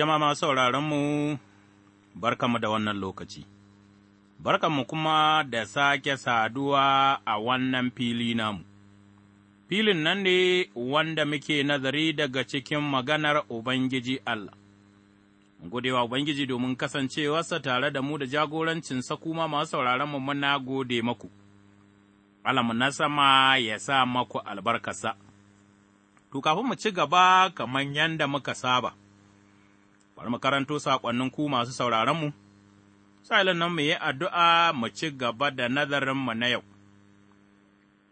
Jama'a sauraronmu, barkanmu da wannan lokaci, barkanmu kuma da sake saduwa a wannan fili namu, filin nan ne wanda muke nazari daga cikin maganar Ubangiji Allah. Godewa Ubangiji domin kasancewarsa tare da mu da jagorancinsa kuma masu sauraronmu muna gode maku, Alamu na sama ya sa maku albarkasa. To, kafin mu ci gaba kamar yadda muka saba. bari mu karanto saƙonnin ku masu sauraronmu, sa'ilin nan mu yi addu'a mu ci gaba da nazarinmu na yau.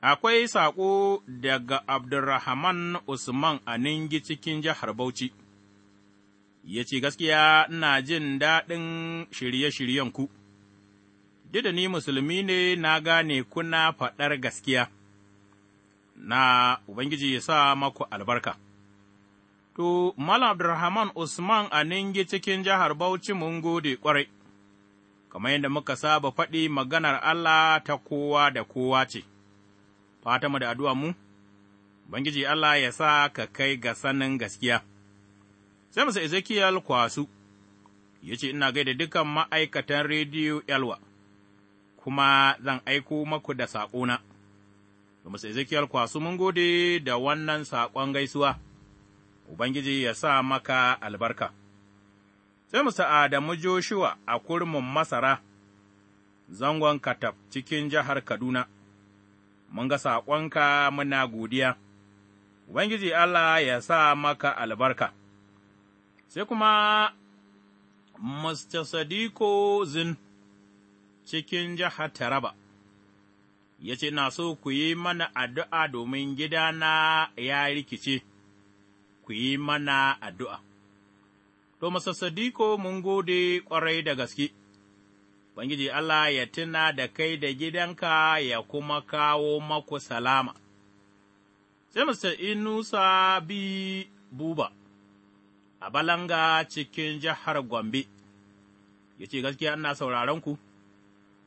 Akwai saƙo daga Abdurrahman Usman a Ningi cikin jihar Bauchi, ya ce gaskiya ina jin daɗin shirye-shiryen ku, duk da ni musulmi ne na gane kuna faɗar gaskiya, na Ubangiji ya sa maku albarka. To, Malam Abdulrahman Usman a Ningi cikin jihar Bauchi mun gode ƙwarai, kamar yadda muka saba faɗi maganar Allah ta kowa da kowa ce, fata mu da addu'a mu, Bangiji Allah ya sa ka kai ga sanin gaskiya. Sai masa Ezekiel kwasu, ya ce, Ina gaida dukan ma'aikatan rediyo Yalwa, kuma zan aiko maku da saƙona. Masa Ezekiel kwasu mun gode da wannan saƙon gaisuwa. Ubangiji ya sa maka albarka. Sai mu Adamu Joshua a kurmin Masara, zangon Katab cikin jihar Kaduna, mun ga saƙonka muna godiya, Ubangiji Allah ya sa maka albarka. Sai kuma Mr. Sadiko Zin cikin jihar Taraba. ya ce, Na so ku yi mana addu'a domin gidana ya rikice, ku yi mana addu'a. To, Masasadiko mun gode ƙwarai da gaske, Ubangiji Allah ya tuna da kai da gidanka ya kuma kawo maku salama. Sai Mr. Inusa bi buba, a balanga cikin jihar Gombe, ya ce gaskiya ina sauraron ku,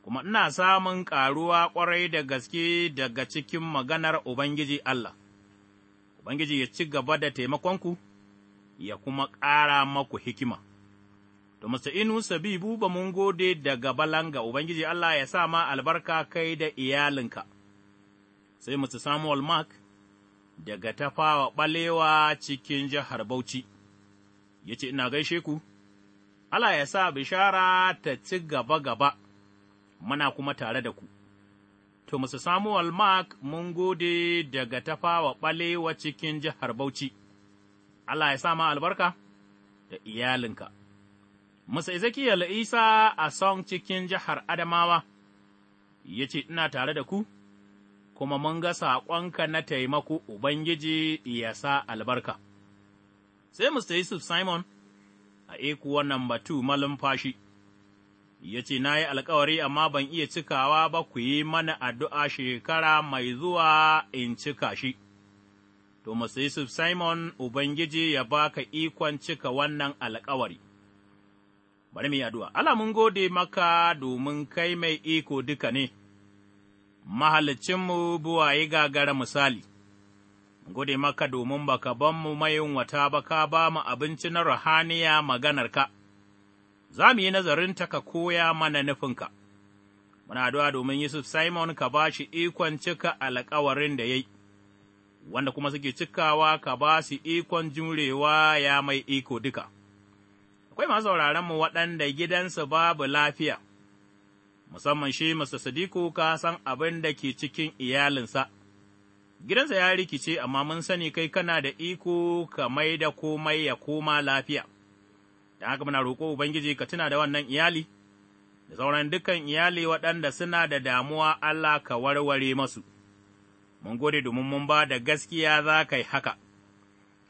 kuma ina samun ƙaruwa ƙwarai da gaske daga cikin maganar Ubangiji Allah. Ubangiji ya ci gaba da taimakonku, ya kuma ƙara maku hikima. To, inu Sabibu ba mun gode daga balanga, Ubangiji Allah ya sa ma albarka kai da iyalinka. Sai musa Samuel Mark daga tafawa ɓalewa cikin jihar Bauchi, ya ce, Ina gaishe ku, Allah ya sa bishara ta ci gaba-gaba, mana kuma tare da ku. To, Mr. Samuel Mark, mun gode daga tafawa ɓalewa cikin jihar Bauchi, Allah ya sama albarka da iyalinka. Mr. Ezekiel Isa a son cikin jihar Adamawa, ya ce, Ina tare da ku, kuma mun ga saƙonka na taimako Ubangiji ya sa albarka. Sai Musa Yusuf Simon a eku wannan batu malumfashi. fashi. ya ce, Na yi alkawari amma ban iya cikawa ba ku yi mana addu'a shekara mai zuwa in cika shi. To, Masu Yusuf Simon, Ubangiji ya baka ikon cika wannan alkawari. Bari mu yi addu'a, Allah mun gode maka domin kai mai iko duka ne, mahalicinmu yi gagara misali. Gode maka domin baka ban mu mayunwata ba ka ba mu abinci na ruhaniya maganarka. ka. za mu yi ta ka koya mana nufinka. Muna addu'a domin Yusuf Simon ka ba shi ikon cika alkawarin da ya yi, wanda kuma suke cikawa ka ba su ikon jurewa ya mai iko duka. Akwai masu mu waɗanda gidansu babu lafiya, musamman shi Mr. Sadiku ka san abin da ke cikin iyalinsa. Gidansa ya rikice, amma mun sani kai kana da iko ka mai da komai ya koma lafiya. da haka muna roƙo Ubangiji ka tuna da wannan iyali, da sauran dukan iyali waɗanda suna da damuwa Allah ka warware masu, mun gode domin mun ba da gaskiya za ka yi haka.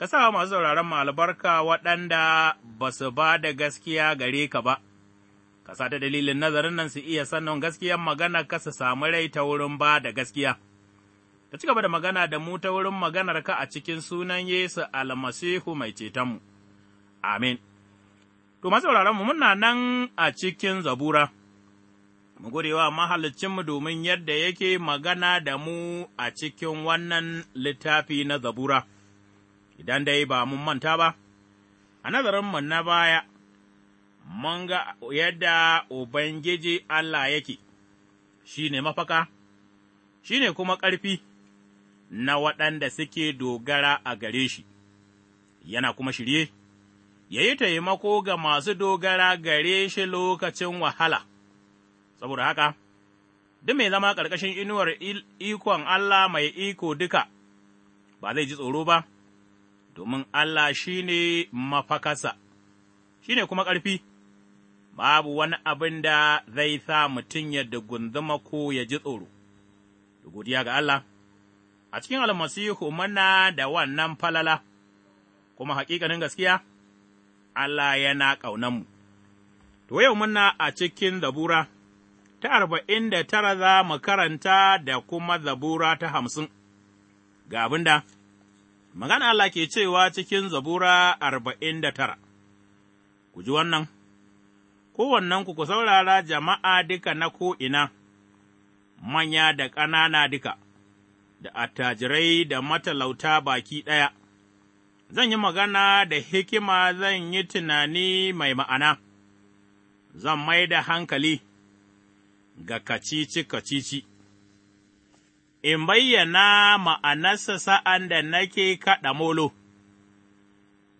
Ka sa masu sauraron mu albarka waɗanda ba su ba da gaskiya gare ka ba, ka sa ta dalilin nazarin nan su iya sannan gaskiyar magana ka su samu rai ta wurin ba da gaskiya. Ka ci gaba da magana da mu ta wurin maganar ka a cikin sunan Yesu almasihu mai cetonmu. Amin. To, mu muna nan a cikin zabura, mu godewa mahalicinmu domin yadda yake magana da mu a cikin wannan littafi na zabura, idan dai ba mun manta ba, a nazarinmu na baya, mun ga yadda Ubangiji Allah yake, shi ne mafaka, shi ne kuma ƙarfi na waɗanda suke dogara a gare shi, yana kuma shirye. ya yi taimako ga masu dogara gare shi lokacin wahala, saboda haka, duk mai zama ƙarƙashin inuwar ikon Allah mai iko duka, ba zai ji tsoro ba, domin Allah shi ne mafakasa, shi ne kuma ƙarfi, babu wani abin da zai sa mutum ya dugunzuma ko ya ji tsoro. Godiya ga Allah, a cikin almasihu mana da wannan falala, kuma haƙiƙanin gaskiya. Allah yana ƙaunanmu. To, yau muna a cikin zabura ta arba'in da tara za mu karanta da kuma zabura ta hamsin, ga abin da, magana Allah ke cewa cikin zabura arba'in da tara, ku ji wannan, kowannenku ku saurara jama'a duka na ko'ina, manya da ƙanana duka, da attajirai da matalauta baki ɗaya. zan yi magana da hikima zan yi tunani mai ma'ana, zan mai da hankali ga kacici-kacici, in bayyana ma'anarsa sa'an da nake kaɗa molo,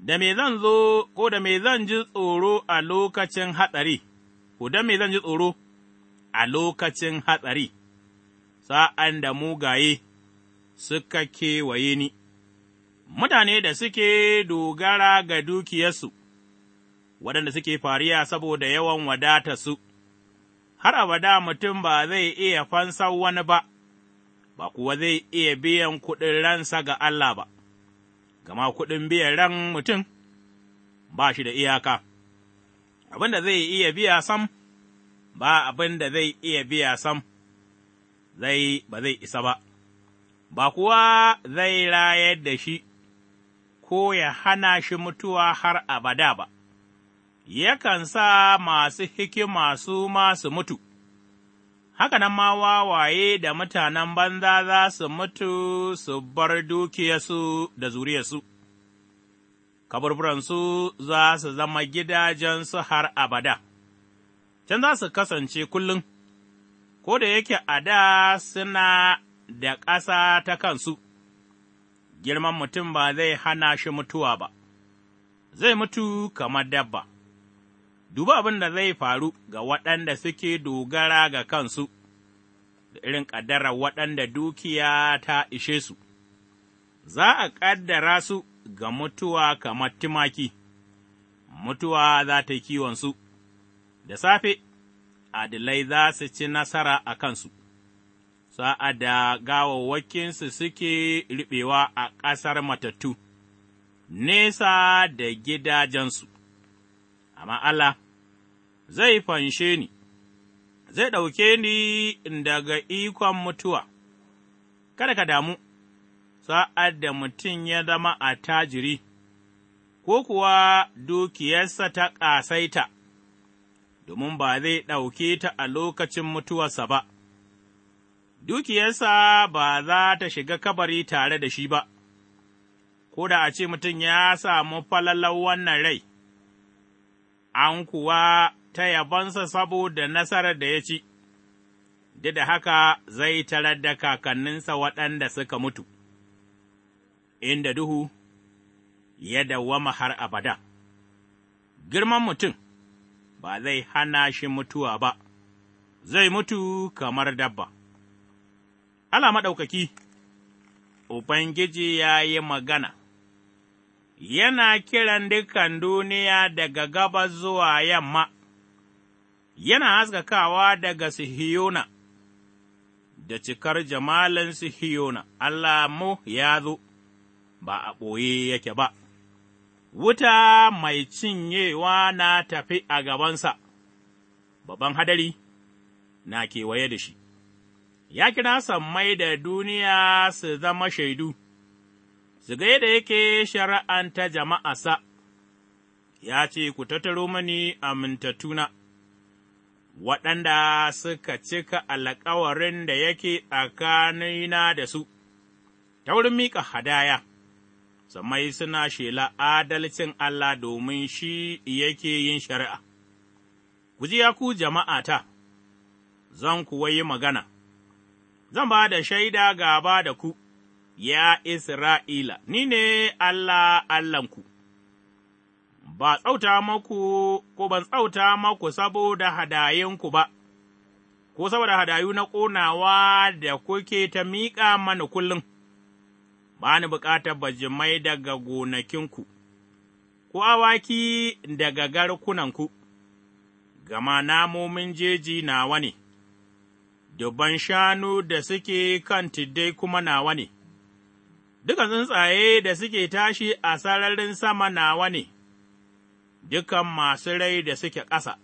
da me zan zo ko da me zan ji tsoro a lokacin hatsari, ko da me zan ji tsoro a lokacin hatsari, sa'an da mugaye suka kewaye ni. mutane da suke dogara ga dukiyarsu, waɗanda suke fariya saboda yawan wadata su, har abada mutum ba zai iya fansan wani ba, ba kuwa zai iya biyan kuɗin ransa ga Allah ba, gama kuɗin biyan ran mutum ba shi da iyaka, abin da zai iya biya sam, ba abin da zai iya biya sam, zai ba zai isa ba, ba kuwa zai rayar da shi. ko ya hana shi mutuwa har abada ba, yakan sa masu hikima su ma su mutu, haka nan ma wawaye da mutanen banza za su mutu su bar dukiyarsu da zuriyarsu, kaburburansu za su zama gidajensu har abada, can za su kasance kullum, ko da yake a da suna da ƙasa ta kansu. girman mutum ba zai hana shi mutuwa ba, zai mutu kamar dabba. Duba abin da zai faru ga waɗanda suke dogara ga kansu, da irin ƙaddarar waɗanda dukiya ta ishe su, za a ƙaddara su ga mutuwa kamar tumaki, mutuwa za ta kiwon su, da safe, adilai za su ci nasara a kansu. sa'ad da gawawwakinsu suke riɓewa a ƙasar matattu, nesa da gidajensu, amma Allah zai fanshe ni, zai ɗauke ni daga ikon mutuwa, kada ka damu, sa'ad da mutum ya zama a tajiri, ko kuwa dukiyarsa ta ƙasaita, domin ba zai ɗauke ta a lokacin mutuwarsa ba. dukiyarsa ba za ta shiga kabari tare da shi ba, ko da a ce mutum ya samu falalar wannan rai, an kuwa ta yabansa saboda nasarar da ya ci, duk da haka zai tarar da kakanninsa waɗanda suka mutu, inda duhu ya dawwama har abada. Girman mutum ba zai hana shi mutuwa ba, zai mutu kamar dabba. Allah maɗaukaki, Ubangiji ya yi magana, yana kiran dukan duniya daga gabas zuwa yamma, yana haskakawa daga Sihiyona, da cikar jamalin Sihiyona, Allah mu ya zo, ba a ɓoye yake ba. Wuta mai cinyewa na tafi a gabansa, babban hadari na kewaye da shi. ya kira sammai da duniya su zama shaidu, su ga yadda yake ta jama'asa, ya ce, Ku tattaro mani amintattuna, waɗanda suka cika alkawarin da yake tsakanina da su, ta wurin miƙa hadaya, sammai suna shela adalcin Allah domin shi yake yin shari'a. Ku ji ya ku jama'ata, zan kuwa yi magana. zan ba da shaida gaba da ku, ya Isra'ila, ni ne Allah Allahnku, ba tsauta maku ko ban tsauta maku saboda hadayinku ba, ko saboda hadayu na ƙonawa da kuke ta miƙa mana kullum, ba ni bukatar bajimai daga gonakinku, ko awaki daga garkunanku, gama namomin jeji nawa ne. dubban shanu da suke kan tiddai kuma nawa ne, dukan tsuntsaye da suke tashi a sararin sama nawa ne, dukan masu rai da suke ƙasa,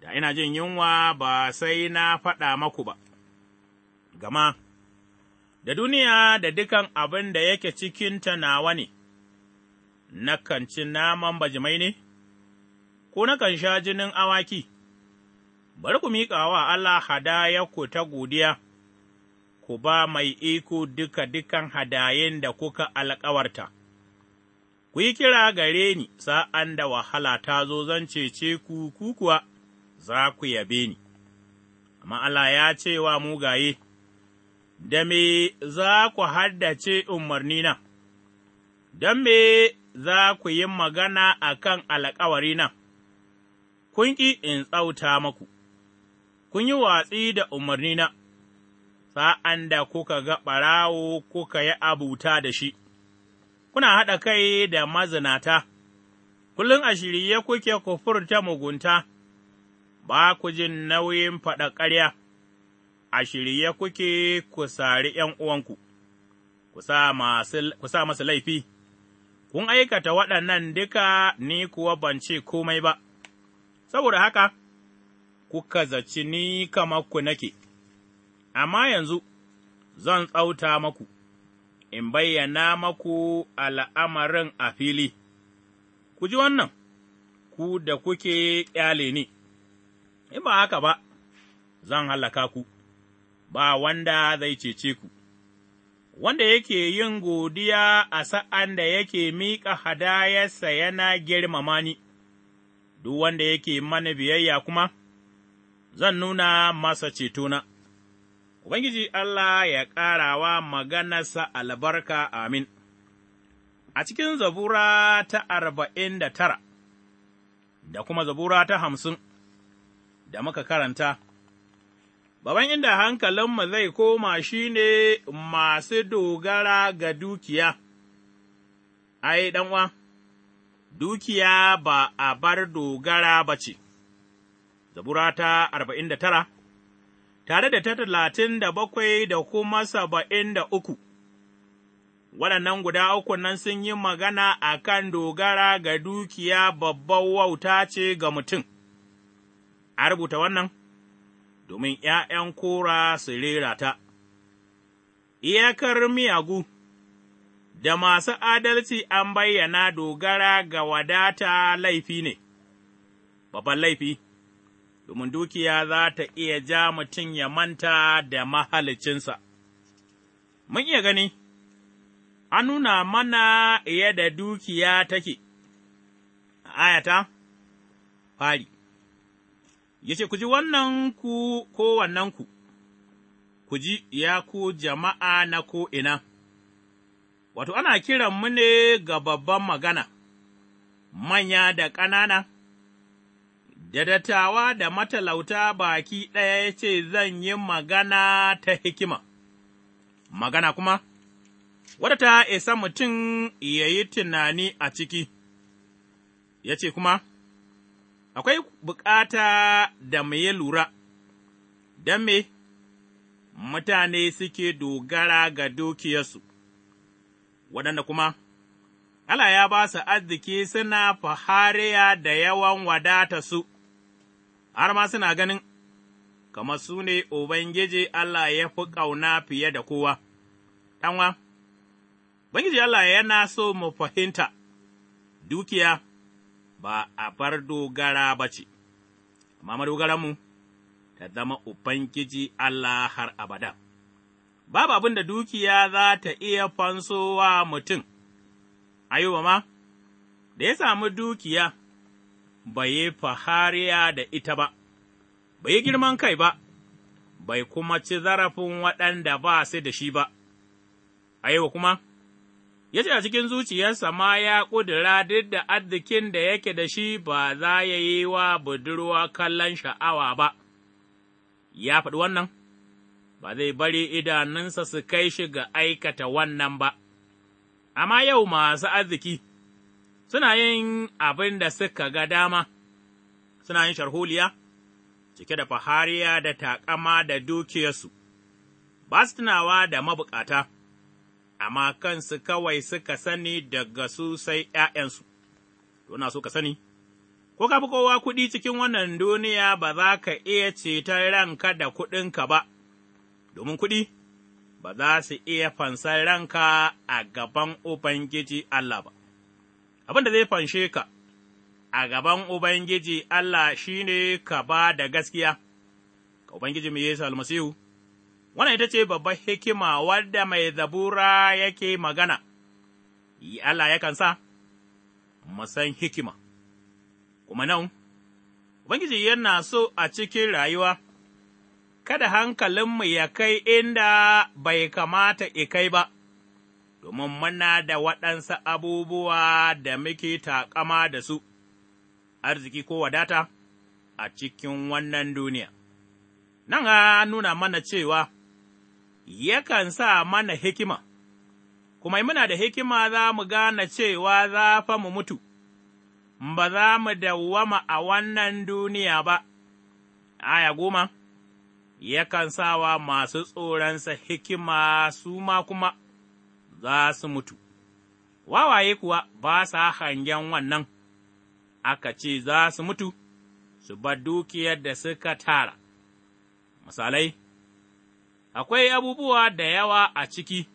da ina jin yunwa ba sai na faɗa maku ba, gama da duniya da dukan abin da yake cikinta nawa ne, nakan ci naman bajimai ne, ko na kan sha jinin awaki. bari ku miƙa wa Allah hadayarku ta godiya, ku ba mai iko duka dukan hadayen da kuka alƙawarta. Ku yi kira gare ni sa'an da wahala ta zo zan cece ku ku za ku yabe ni, amma Allah ya ce wa mugaye, Da me za ku haddace umarnina, don me za ku yi magana a kan alkawarina, kun ƙi in tsauta maku. kun yi watsi da umarnina, sa'an da kuka ga ɓarawo kuka yi abuta da shi, kuna haɗa kai da mazinata, kullum a shirye kuke ku furta mugunta, ba ku jin nauyin faɗa ƙarya, a shirye kuke ku sari ’yan uwanku, ku sa masu laifi. kun aikata waɗannan duka ni kuwa ban ce komai ba, saboda haka, kuka zaci ni kamar ku nake, amma yanzu zan tsauta maku, in bayyana maku al'amarin a fili, ku ji wannan, ku da kuke ƙyale ni, in ba haka ba, zan hallaka ku, ba wanda zai cece ku. wanda yake yin godiya a sa'an da yake miƙa hadayarsa yana girmama ni, duk wanda yake mana biyayya kuma, zan nuna masa cetona. Ubangiji Allah ya ƙarawa maganarsa albarka amin. A cikin zabura ta arba'in da tara, da kuma zabura ta hamsin da muka karanta, baban inda hankalinmu zai koma shi ne masu dogara ga dukiya, ai, ɗan'uwa, dukiya ba a bar dogara ba ce. Zabura ta arba'in da tara, tare da ta talatin da bakwai da kuma saba'in da uku, waɗannan guda uku nan sun yi magana a kan dogara ga dukiya babban wauta ce ga mutum, a rubuta wannan, domin ’ya'yan kora su rera ta, iyakar miyagu. da masu adalci an bayyana dogara ga wadata laifi ne, babban laifi, domin dukiya za ta iya ja mutum ya manta da mahalicinsa. Mun iya gani, an nuna mana da dukiya take, ayata, fari, ya ce, Ku ji wannan ku ko wannan ku, ku ji ya ku jama'a na ko'ina, wato, ana kiran mu ne ga babban magana, manya da ƙanana. da dattawa da matalauta baki ɗaya ya ce, Zan yi magana ta hikima, magana kuma, wadda ta isa mutum ya yi tunani a ciki, ya ce kuma, Akwai bukata da mu yi lura, don me mutane suke dogara ga dukiyarsu, waɗanda kuma, Allah ya ba su arziki suna fahariya da yawan wadata su. har ma suna ganin, kamar su ne Ubangiji Allah ya fi ƙauna fiye da kowa, ɗanwa, Ubangiji Allah yana so mu fahimta, dukiya ba a bar dogara ba ce, amma madogaranmu ta zama Ubangiji Allah har abada. Babu abin da dukiya za ta iya fansowa mutum, ayuba ma, da ya samu dukiya. bai yi fahariya da ita ba, bai yi girman kai ba, bai kuma ci zarafin waɗanda ba su da shi ba, a yau kuma, ya ce a cikin zuciyarsa ma ya ƙudura duk da arzikin da yake da shi ba za ya yi wa budurwa kallon sha'awa ba, ya faɗi wannan, ba zai bari idanunsa su kai shi ga aikata wannan ba, amma yau masu arziki. suna yin abin da suka ga dama, suna yin sharholiya, cike da fahariya da taƙama da dukiyarsu, ba su tunawa da mabukata, amma kansu kawai suka sani daga su sai ’ya'yansu, tona so ka sani, ko ka fi kowa kuɗi cikin wannan duniya ba za ka iya ceton ranka da kuɗinka ba, domin kuɗi ba za su iya fansar ranka a gaban Ubangiji Allah ba. abin da zai fanshe ka a gaban Ubangiji Allah shi ne ka ba da gaskiya, ka Ubangiji mai Yesu almasihu, wannan ita ce babbar hikima wadda mai zabura yake magana, Allah yakan sa, mu hikima, kuma nan, Ubangiji yana so a cikin rayuwa, kada hankalinmu ya kai inda bai kamata ikai kai ba. domin muna da waɗansu abubuwa da muke taƙama da su, arziki ko wadata a cikin wannan duniya. Nan ha nuna mana cewa yakan sa mana hikima, kuma muna da hikima za mu gane cewa za fa mu mutu, ba za mu dawwama a wannan duniya ba. Aya goma, yakan wa masu tsoronsa hikima su ma kuma za su mutu, wawaye kuwa ba sa hangen wannan, aka ce za su mutu, su bar dukiyar da suka tara. Misalai, akwai abubuwa da yawa a ciki,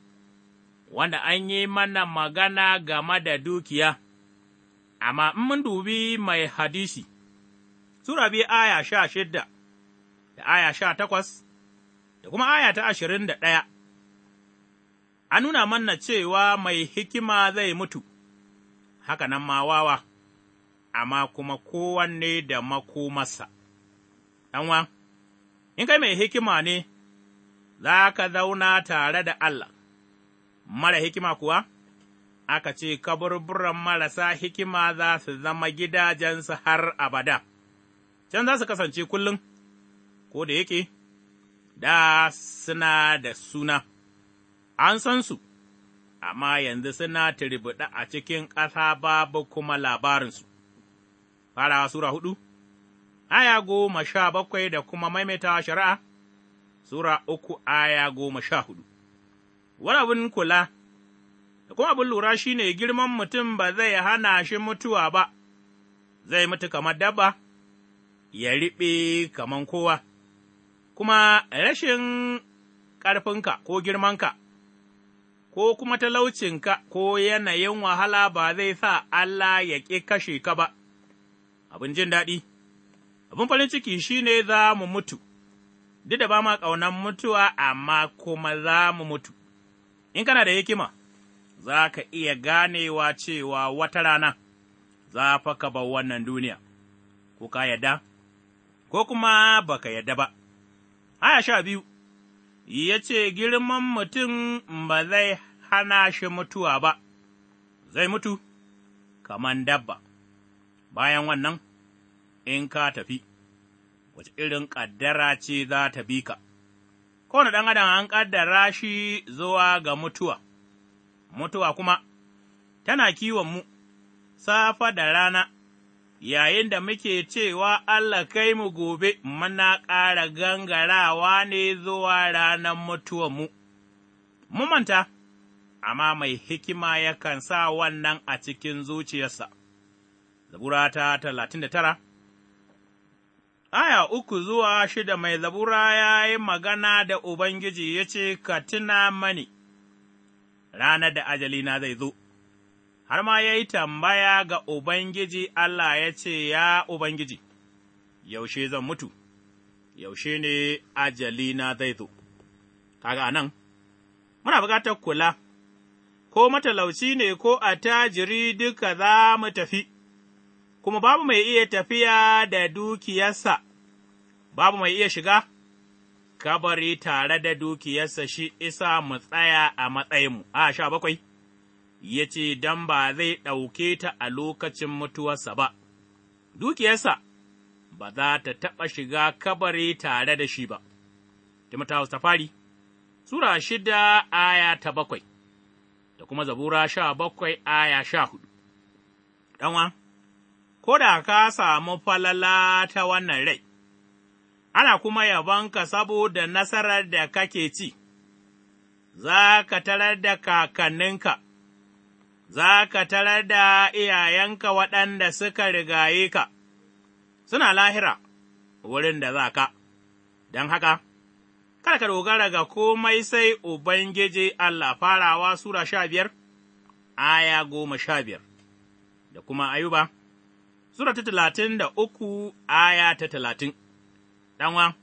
wanda an yi mana magana game da dukiya, amma in mun dubi mai hadisi, Sura biyu aya sha shidda da aya sha takwas da kuma aya ta ashirin da ɗaya. an nuna manna cewa mai hikima zai mutu, haka nan ma wawa, amma kuma kowanne da makomarsa. Ɗanwa, in kai mai hikima ne, za ka zauna tare da Allah, mara hikima kuwa? Aka ce, kaburburan marasa hikima za su zama gidajensu har abada, can za su kasance kullum, ko da yake, da suna da suna. an san su, amma yanzu suna turbuɗe a cikin ƙasa babu kuma labarinsu. Farawa Sura hudu, aya goma sha bakwai da kuma maimaita shari'a, Sura uku aya goma sha hudu. Wani kula, da kuma abin lura shi ne girman mutum ba zai hana shi mutuwa ba, zai mutu kamar dabba, ya riɓe kamar kowa, kuma rashin ƙarfinka ko girmanka. ko kuma talaucinka ko yanayin wahala ba zai sa Allah ya ƙi kashe ka ba, abin jin daɗi, abin farin ciki shi ne za mu mutu, duk da ba ma ƙaunar mutuwa amma kuma za mu mutu, in kana da hikima, za ka iya ganewa cewa wata rana za fa ka bar wannan duniya, ko ka yadda, ko kuma ba ka yadda ba. Aya sha biyu. ya ce, Girman mutum ba zai hana shi mutuwa ba, zai mutu, Kamar dabba, bayan wannan, in ka tafi, wace irin ƙaddara ce za ta bi ka, kowane ɗan adam an ƙaddara shi zuwa ga mutuwa, mutuwa kuma, tana kiwon mu, safa da rana. yayin da muke cewa Allah kai mu gobe, muna ƙara gangarawa ne zuwa ranar mutuwanmu. Mu manta, amma mai hikima yakan sa wannan a cikin zuciyarsa. Zabura ta talatin da tara Aya uku zuwa shida mai zabura ya yi magana da Ubangiji ya ce, Ka tuna mani, Rana da ajalina zai zo. har ma ya yi tambaya ga Ubangiji Allah ya ce, Ya Ubangiji, yaushe zan mutu, yaushe ne ajali na zai zo, kaga nan, muna bukatar kula, ko matalauci ne ko attajiri duka za mu tafi, kuma babu mai iya tafiya da dukiyarsa, babu mai iya shiga, kabari tare da dukiyarsa shi isa mu tsaya a matsayinmu, a sha bakwai. ya ce, Don ba zai ɗauke ta a lokacin mutuwarsa ba, dukiyarsa ba za ta taɓa shiga kabari tare da shi ba. Timotaus ta fari, Sura shida aya ta bakwai, da kuma zabura sha bakwai aya sha hudu. Ɗanwa, ko da ka samu falala ta wannan rai, ana kuma yabonka saboda nasarar da kake ci, za ka tarar da kakanninka. za ka tarar da iyayenka waɗanda suka rigaye ka, suna lahira wurin da za ka, don haka, kada ka dogara ga komai sai Ubangiji Allah farawa Sura sha biyar, aya goma sha biyar, da kuma Ayuba, Sura ta talatin da uku, aya ta talatin, ɗanwa.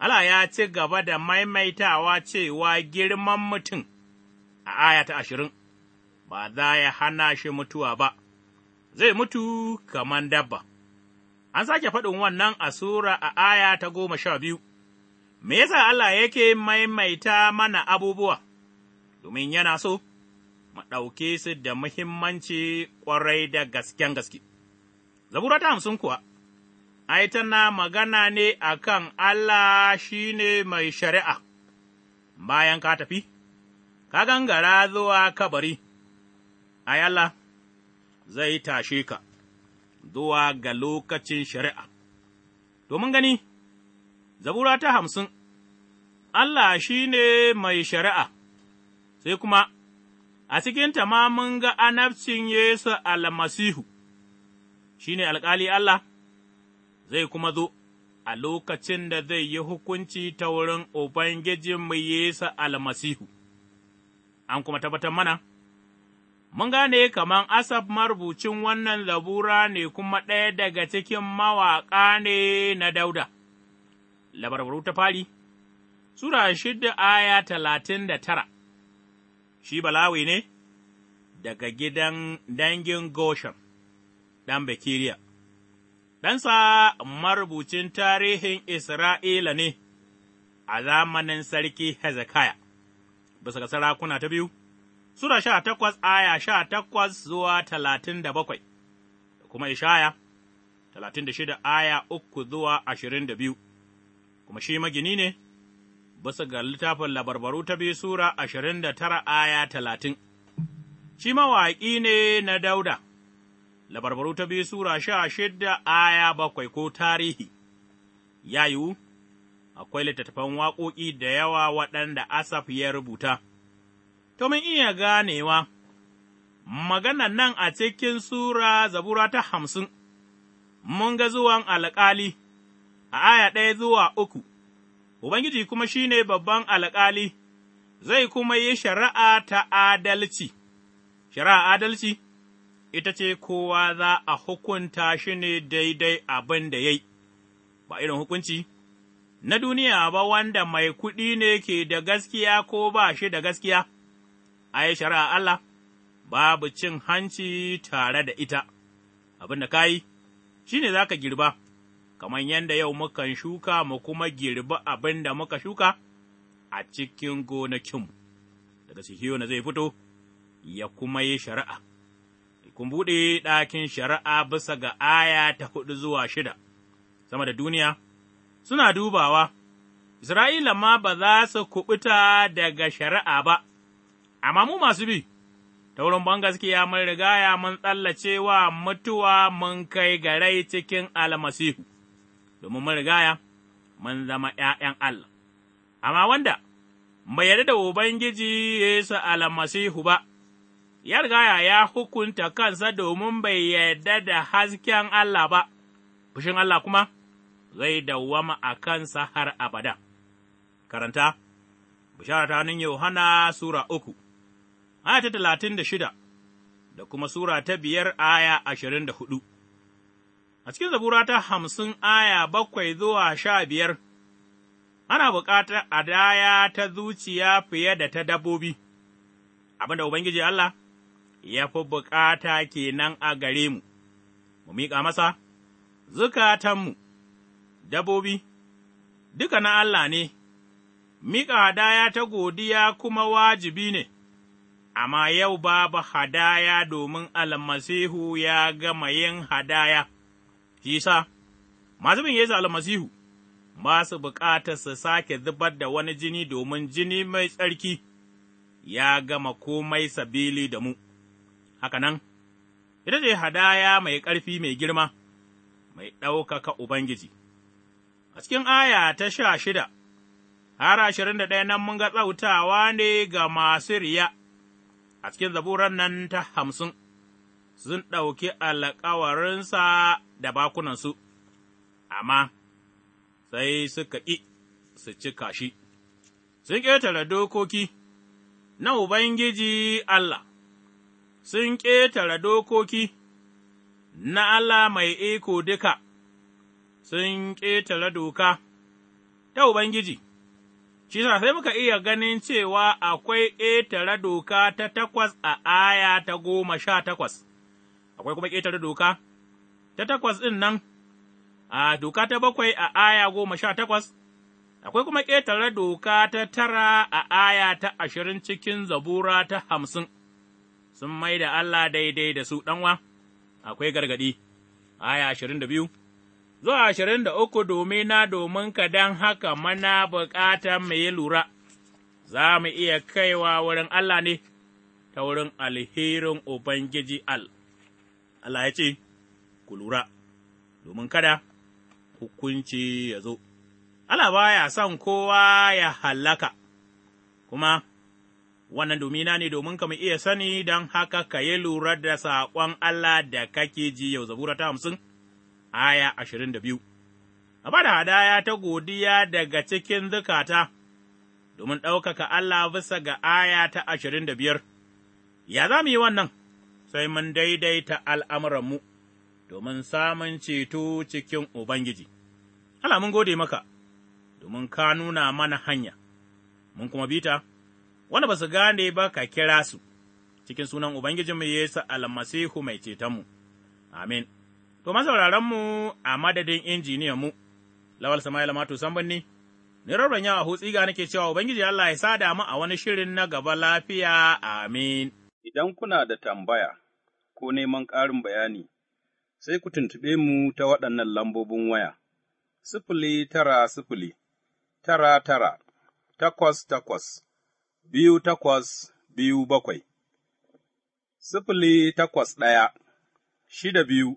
Allah ya ci gaba da maimaitawa cewa girman mutum a aya ta ashirin, ba za ya hana shi mutuwa ba, zai mutu kamar dabba. An sake faɗin wannan a Sura a aya ta goma sha biyu, me yasa Allah yake maimaita mana abubuwa, domin yana so, mu ɗauke su da muhimmanci ƙwarai da gasken gaske. Zabura ta hamsin kuwa, ai, tana magana ne a kan Allah shi ne mai shari'a, bayan ka tafi, ka gangara zuwa kabari. Ayala zai tashe ka zuwa ga lokacin shari'a. Domin gani, zabura ta hamsin, Allah shi ne mai shari'a, sai kuma a cikin ma mun ga anabcin Yesu almasihu, shi ne alƙali Allah, zai kuma zo a lokacin da zai yi hukunci ta wurin Ubangijinmu Yesu almasihu, an kuma tabbatar mana. mun gane kaman Asaf marubucin wannan labura ne kuma ɗaya daga cikin mawaƙa ne na Dauda. Labarbaru ta fari, Sura shida aya talatin da tara, shi Balawi ne daga gidan dangin Goshen, ɗan Bekiriya, ɗansa marubucin tarihin Isra'ila ne a zamanin Sarki Hezekiah, bisa ga sarakuna ta biyu. Sura sha takwas aya sha takwas zuwa talatin da bakwai, da kuma Ishaya, talatin da shida aya uku zuwa ashirin da biyu, kuma shi magini ne, bisa ga littafin labarbaru ta biyu Sura ashirin da tara aya talatin, shi mawaƙi ne na Dauda, labarbaru ta biyu Sura sha shida aya bakwai ko tarihi, ya akwai littattafan waƙoƙi da yawa waɗanda Asaf ya rubuta. domin iya ganewa, magana nan a cikin Sura zabura ta hamsin, mun ga zuwan alƙali a aya ɗaya zuwa uku, Ubangiji kuma shi ne babban alƙali, zai kuma yi shari'a ta adalci, shari'a adalci ita ce kowa za a hukunta shi ne daidai abin da ya yi, ba irin hukunci. na duniya ba wanda mai kuɗi ne ke da gaskiya ko ba shi da gaskiya, ai, shari'a Allah, babu cin hanci tare da ita, abin da ka yi, shi ne za ka girba, kamar yadda yau mukan shuka mu kuma girbi abin da muka shuka a cikin gonakinmu, daga na zai fito, ya kuma yi shari'a. Kun buɗe ɗakin shari'a bisa ga aya ta hudu zuwa shida, sama da duniya, suna dubawa. Isra'ila ma ba za su kuɓuta daga shari'a ba, amma mu masu bi, ta wurin ban gaskiya mun rigaya mun tsallace wa mutuwa mun kai garai cikin almasihu, domin mun rigaya mun zama ’ya'yan Allah, amma wanda bai yarda da Ubangiji Yesu almasihu ba, ya rigaya ya hukunta kansa domin bai yarda da hasken Allah ba, fushin Allah kuma zai dawwama a kansa har abada. Karanta, bishara ta Yohana Sura uku. aya ta talatin da shida da kuma Sura ta biyar aya ashirin da hudu. A cikin zabura ta hamsin aya bakwai zuwa sha biyar, ana bukatar adaya ta zuciya fiye da ta dabbobi, abinda Ubangiji Allah ya fi bukata kenan a gare mu, mu miƙa masa zukatanmu, dabbobi, duka na Allah ne, miƙa hadaya ta godiya kuma wajibi ne. amma yau babu hadaya domin almasihu ya gama yin hadaya, shi sa, masu bin Yesu almasihu ba su bukatar su sake zubar da wani jini domin jini mai tsarki ya gama komai sabili da mu, hakanan, ita ce hadaya mai ƙarfi mai girma, mai ɗaukaka Ubangiji. A cikin aya ta sha shida, har ashirin da ɗaya nan mun ga tsautawa ne ga masu riya. a cikin zaburan nan ta hamsin, sun ɗauki alkawarinsa da bakunansu, amma sai suka ƙi su cika shi, sun ƙetare dokoki na Ubangiji Allah, sun ƙetare dokoki na Allah mai eko duka, sun ƙetare doka ta Ubangiji. shi sa sai muka iya ganin cewa akwai ƙetare doka ta takwas a aya ta goma sha takwas, akwai kuma ƙetare doka ta takwas ɗin nan, a doka ta bakwai a aya goma sha takwas, akwai kuma ƙetare doka ta tara a aya ta ashirin cikin zabura ta hamsin, sun mai da Allah daidai da su ɗanwa, akwai gargaɗi, aya ashirin da biyu. zuwa ashirin da uku domina dominka don haka mana bukatan mai lura, za mu iya kaiwa wurin Allah ne ta wurin alherin Ubangiji Al. Allah ya ce, Ku lura, domin kada hukunci ya zo, Allah baya son kowa ya hallaka, kuma wannan domina ne domin ka mu iya sani don haka ka yi lura da saƙon Allah da kake ji yau zabura ta hamsin. aya ashirin da biyu. A da hadaya ta godiya daga cikin zukata, domin ɗaukaka Allah bisa ga aya ta ashirin da biyar, ya za mu yi wannan, sai mun daidaita al'amuranmu, domin samun ceto cikin Ubangiji. Allah mun gode maka, domin ka nuna mana hanya, mun kuma bita, wanda ba su gane ba ka kira su. cikin sunan Ubangijinmu Yesu almasihu mai cetonmu. Amin. To, wurarenmu a madadin injiniyan mu. Lawal Sama'ila Mato Sambanni, ni rarren yawa hutsi ga nake cewa Ubangiji Allah ya sada mu a wani shirin na gaba lafiya, amin. Idan kuna da tambaya ko neman ƙarin bayani, sai ku tuntuɓe mu ta waɗannan lambobin waya, sifili tara sifili, tara tara, takwas takwas, biyu takwas biyu bakwai, sifili takwas ɗaya, shida biyu.